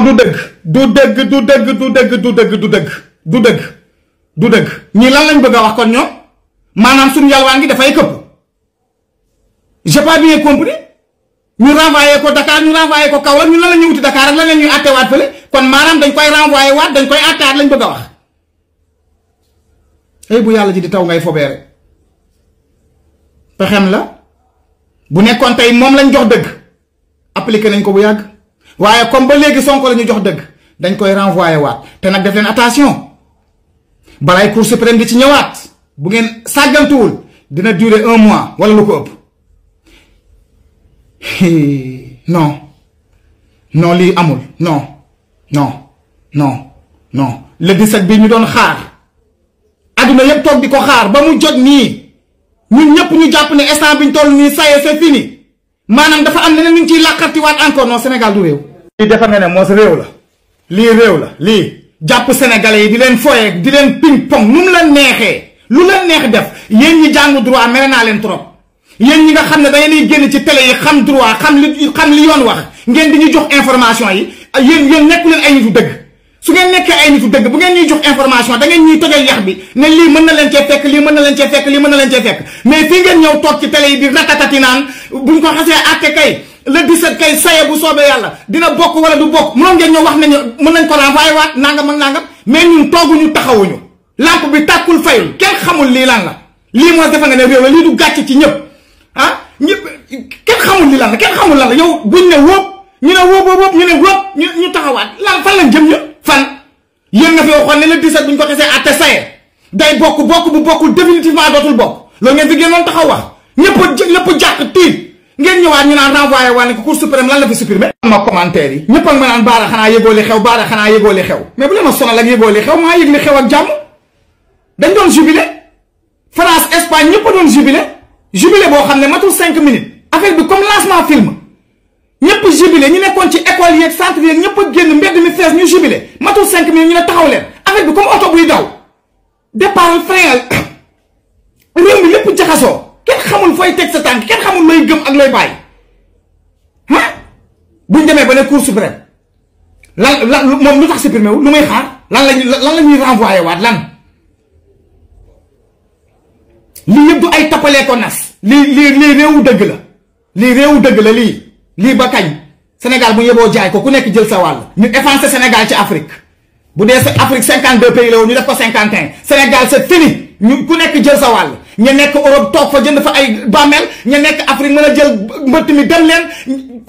du dëgg du dëgg du dëgg du dëgg du dëgg du dëgg du dëgg du dëgg ñii lan lañ bëgg a wax kon ñoom maanaam suñu yalwaan gi dafay këpp j'ai pas bien compris ñu renvoyé ko Dakar ñu renvoyé ko kaw Kaolack ñu lan la ñuy wuti Dakar ak lan la ñuy àttewaat fële kon maanaam dañ koy renvoyé waat dañ koy àttewaat lañ bëgg a wax ay bu yàlla ji di taw ngay fobeere pexem la bu nekkoon tey moom lañ jox dëgg appliqué nañ ko bu yàgg waaye comme ba léegi Sonko la ñu jox dëgg dañ koy renvoyé waat te nag def leen attention balay Cour suprême di ci ñëwaat bu ngeen sàggantuwul dina dure un mois wala lu ko ëpp non non lii amul non non non non le bi ñu doon xaar adduna yëpp toog di ko xaar ba mu jot nii ñun ñëpp ñu jàpp ne instant bi ñu toll nii ça y fini maanaam dafa am na lu ñu ciy làqartiwaat encore non Sénégal du réew. lii defar nga ne moos réew la lii réew la lii jàpp sénégalais yi di leen foyee di leen ping pong nu mu la neexee lu la neex def yéen ñi jàngu droit mere naa leen trop yéen ñi nga xam ne da ngeen di génn ci télé yi xam droit xam li xam li yoon wax ngeen di ñu jox information yi yéen yéen nekku leen ñu nitu dëgg. su ngeen nekkee ay nitu dëgg bu ngeen ñuy jox information da ngeen ñuy tojal yax bi ne lii mën na leen cee fekk lii mën na leen cee fekk lii mën na leen cee fekk mais fii ngeen ñëw toog ci télé yi di ratatati naan buñ ko xasee àtte kay le bu soobee yàlla dina bokk wala du bokk mënoon ngeen ñëw wax nañu mën nañ ko renvoyé waat nangam ak nangam mais ñun tooguñu taxawuñu làmp bi tàkkul fayul kenn xamul lii lan la lii moo defe nga ne réew la lii du ci ñëpp ah, ñëpp kenn xamul la kenn xamul lan la yow buñ ne wóob ñu ne wóob wóob ñu ne ñu taxawaat lan fan lañ jëm ñu waxoon ne la 17 bu ñu ko xasee àtte saye day bokk bokk bu bokkul définitivement dootul bokk loolu ngeen fi génnoon taxaw wax ñëpp a ñëpp ngeen ñëwaat ñu naan renvoyé waa ne ko cour suprême lan la fi supprimé ma commentaire yi ñëpp ak ma naan baara xanaa yëgoo li xew baara xanaa yëgoo li xew mais bu leen ma sonal ak yëgoo li xew maa yëg li xew ak jàmm dañ doon jubilé France Espagne ñëpp doon jubilé jubilé boo xam ne matul cinq minutes affaire bi comme lancement film ñëpp jubilé ñu nekkoon ci école yeeg centre yeeg ñëpp a génn mbedd mi fees ñu jubilé matul 5 minutes ñu ne taxaw leen affaire bi comme oto buy daw départ freinal réew mi lépp jaxasoo kenn xamul fooy teg sa tànk kenn xamul looy gëm ak looy bàyyi ah ba ne cour suprême lan lan moom lu tax supprimé lu muy xaar lan lañuy lan la ñuy renvoyé waat lan lii yëpp du ay tappalee ko nas lii lii lii réewu dëgg la lii réewu dëgg la lii lii ba kañ Sénégal bu yeboo jaay ko ku nekk jël sa wàll ñu effacer Sénégal ci Afrique bu dee Afrique cinquante deux pays la ñu def ko cinquante un Sénégal c'est fini ñu ku nekk jël sa wàll ña nekk Europe toog fa jënd fa ay bàmmeel ñu nekk Afrique mën a jël mbëtt mi dem leen